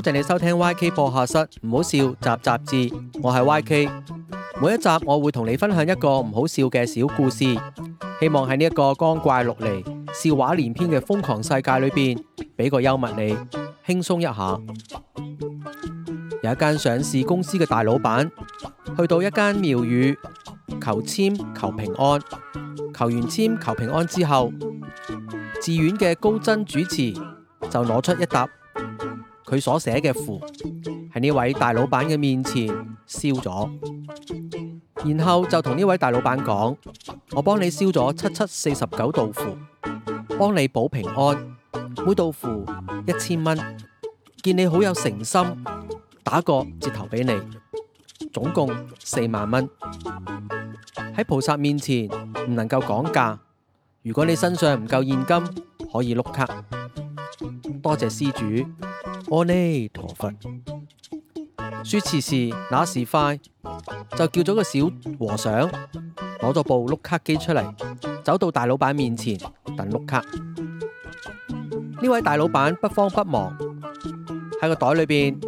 多謝你收聽 YK 播客室，唔好笑集雜雜誌，我係 YK。每一集我會同你分享一個唔好笑嘅小故事，希望喺呢一個光怪陸離、笑話連篇嘅瘋狂世界裏邊，俾個幽默你，輕鬆一下。有一間上市公司嘅大老闆去到一間廟宇求簽求平安，求完簽求平安之後，寺院嘅高僧主持就攞出一沓。佢所寫嘅符喺呢位大老闆嘅面前燒咗，然後就同呢位大老闆講：我幫你燒咗七七四十九道符，幫你保平安，每道符一千蚊，見你好有誠心，打個折頭俾你，總共四萬蚊。喺菩薩面前唔能夠講價，如果你身上唔夠現金，可以碌卡。多謝施主。阿彌陀佛，說時遲那時快，就叫咗個小和尚攞咗部碌卡機出嚟，走到大老闆面前等碌卡。呢位大老闆不慌不忙喺個袋裏邊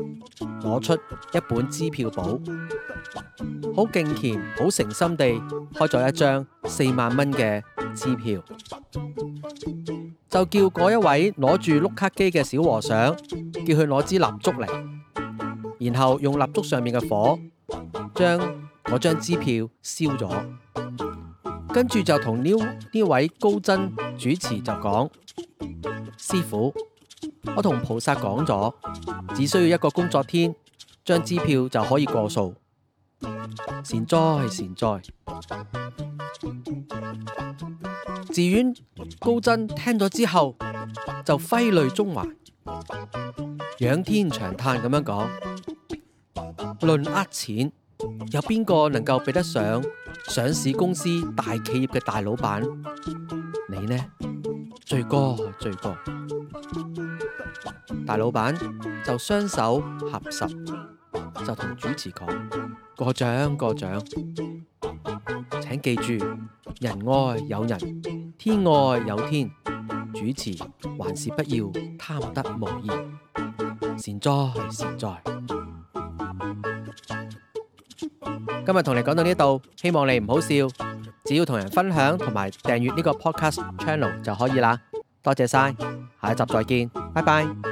攞出一本支票簿，好敬虔、好誠心地開咗一張四萬蚊嘅支票。就叫嗰一位攞住碌卡機嘅小和尚，叫佢攞支蠟燭嚟，然後用蠟燭上面嘅火將我張支票燒咗，跟住就同呢呢位高僧主持就講：師傅，我同菩薩講咗，只需要一個工作天，張支票就可以過數，善哉善哉。寺院高僧聽咗之後就揮淚縱橫，仰天長嘆咁樣講：論呃錢，有邊個能夠比得上上市公司大企業嘅大老闆？你呢？罪過罪過！大老闆就雙手合十，就同主持講：過獎過獎。請記住，人外有人，天外有天。主持還是不要貪得無厭，善哉善哉。今日同你講到呢度，希望你唔好笑。只要同人分享同埋訂閱呢個 podcast channel 就可以啦。多謝晒，下一集再見，拜拜。